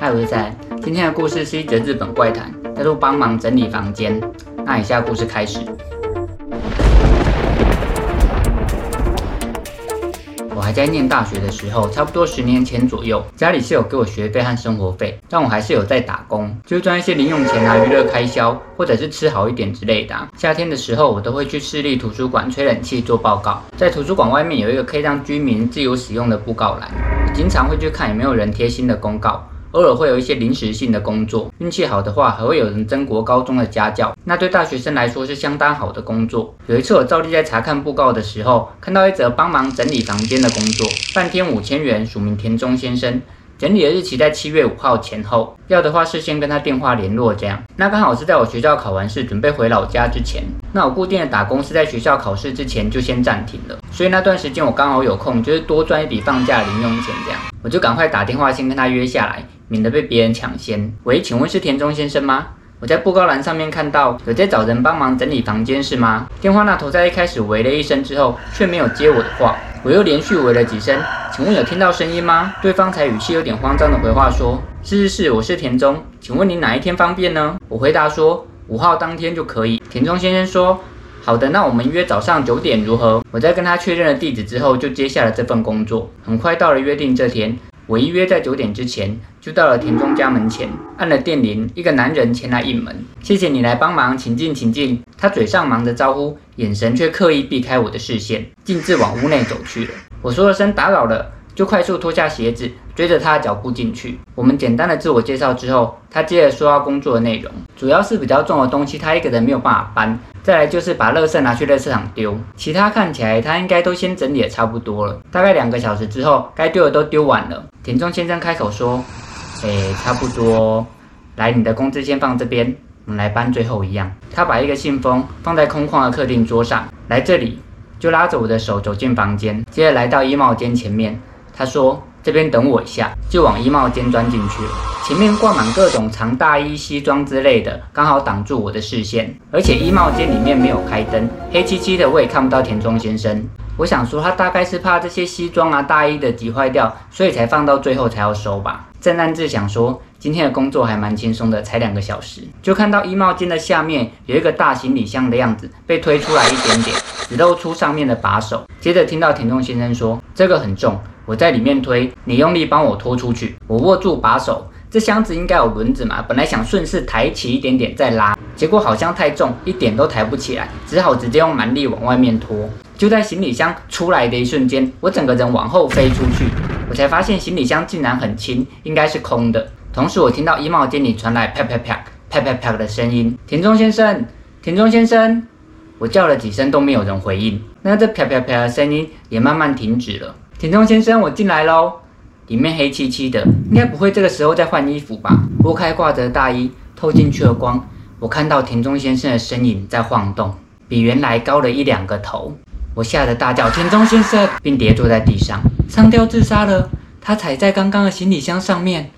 嗨、啊，我是菜。今天的故事是一則日本怪談，叫做幫忙整理房間。那以下故事開始。我還在念大學的時候，差不多十年前左右，家裡是有給我學費和生活費，但我還是有在打工，就賺一些零用錢啊、娛樂開銷，或者是吃好一點之類的、啊。夏天的時候，我都會去市立圖書館吹冷氣做報告。在圖書館外面有一個可以讓居民自由使用的布告欄，我經常會去看有沒有人貼新的公告。偶爾會有一些臨時性的工作，運氣好的話還會有人徵國高中的家教，那對大學生來說是相當好的工作。有一次我照例在查看布告的時候，看到一則幫忙整理房間的工作，半天五千元，署名田中先生，整理的日期在七月五號前後，要的話事先跟他電話聯絡這樣。那剛好是在我學校考完試準備回老家之前，那我固定的打工是在學校考試之前就先暫停了，所以那段時間我剛好有空，就是多賺一筆放假零用錢這樣，我就趕快打電話先跟他約下來。免得被別人搶先。喂，請問是田中先生嗎？我在布告欄上面看到有在找人幫忙整理房間，是嗎？電話那頭在一開始喂了一聲之後，卻沒有接我的話。我又連續喂了幾聲，請問有聽到聲音嗎？對方才語氣有點慌張的回話說：“是是是，我是田中，請問你哪一天方便呢？”我回答說：“五號當天就可以。”田中先生說：“好的，那我們約早上九點如何？”我在跟他確認了地址之後，就接下了這份工作。很快到了約定這天，我一約在九點之前。就到了田中家門前，按了電鈴，一個男人前來應門。謝謝你來幫忙，請進，請進。他嘴上忙着招呼，眼神卻刻意避開我的視線，徑自往屋內走去了。我說了聲打擾了，就快速脫下鞋子，追着他的腳步進去。我們簡單的自我介紹之後，他接着說到工作的內容，主要是比較重的東西，他一個人沒有辦法搬，再來就是把垃圾拿去垃圾場丟，其他看起來他應該都先整理得差不多了。大概兩個小時之後，該丟的都丟完了，田中先生開口說。哎、欸，差不多哦，來，你的工資先放這邊，我們來搬最後一樣。他把一個信封放在空曠的客廳桌上，來這裡就拉着我的手走進房間，接着來到衣帽間前面。他說：“這邊等我一下。”就往衣帽間鑽進去，前面掛滿各種長大衣、西裝之類的，剛好擋住我的視線。而且衣帽間裡面沒有開燈，黑漆漆的，我也看不到田中先生。我想說，他大概是怕這些西裝啊、大衣的擠壞掉，所以才放到最後才要收吧。正暗自想說，今天的工作還蠻輕鬆的，才兩個小時，就看到衣帽間的下面有一個大行李箱的樣子，被推出來一點點，只露出上面的把手。接着聽到田中先生說：“這個很重，我在裡面推，你用力幫我拖出去。”我握住把手，這箱子應該有輪子嘛，本來想順勢抬起一點點再拉，結果好像太重，一點都抬不起來，只好直接用蠻力往外面拖。就在行李箱出來的一瞬間，我整個人往後飛出去。我才發現行李箱竟然很輕，應該是空的。同時，我聽到衣帽間裡傳來啪啪啪、啪啪啪啪的聲音。田中先生，田中先生，我叫了幾聲都沒有人回應。那這啪啪啪的聲音也慢慢停止了。田中先生，我進來嘍。裡面黑漆漆的，應該不會這個時候在換衣服吧？撥開掛着的大衣，透進去了光，我看到田中先生的身影在晃動，比原來高了一兩個頭。我嚇得大叫：“田中先生！”並跌坐在地上，上吊自殺了。他踩在剛剛的行李箱上面，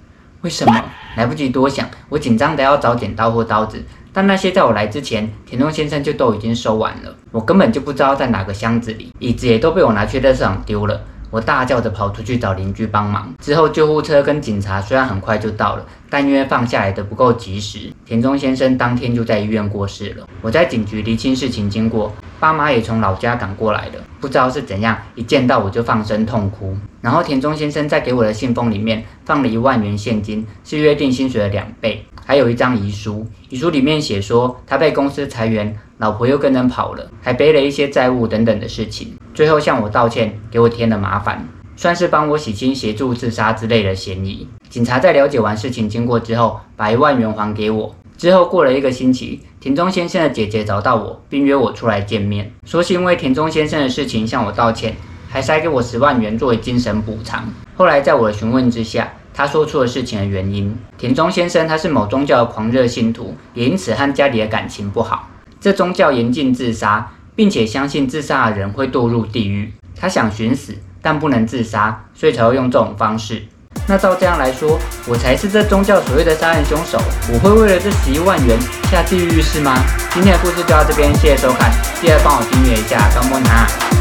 為什麼來不及多想，我緊張地要找剪刀或刀子，但那些在我來之前，田中先生就都已經收完了，我根本就不知道在哪個箱子裡，椅子也都被我拿去垃圾場丟了。我大叫着跑出去找鄰居幫忙。之後，救護車跟警察雖然很快就到了，但因為放下來的不夠及時，田中先生當天就在醫院過世了。我在警局釐清事情經過。爸媽也從老家趕過來了，不知道是怎樣，一見到我就放聲痛哭。然後田中先生在給我的信封裡面放了一萬元現金，是約定薪水的兩倍。還有一張遺書，遺書裡面寫說他被公司裁員，老婆又跟人跑了，還背了一些債務等等的事情。最後向我道歉，給我添了麻煩，算是幫我洗清協助自殺之類的嫌疑。警察在了解完事情經過之後，把一萬元還給我。之後過了一個星期，田中先生的姐姐找到我，並約我出來見面，說是因為田中先生的事情向我道歉，還塞給我十萬元作為精神補償。後來在我的詢問之下，他說出了事情的原因。田中先生他是某宗教的狂熱信徒，也因此和家裡的感情不好。這宗教嚴禁自殺，並且相信自殺的人會墮入地獄。他想尋死，但不能自殺，所以才會用這種方式。那照這樣來說，我才是這宗教所謂的殺人兇手，我會為了這十一萬元下地獄是嗎？今天的故事就到這邊，謝謝收看，記得幫我訂閱一下，高木男。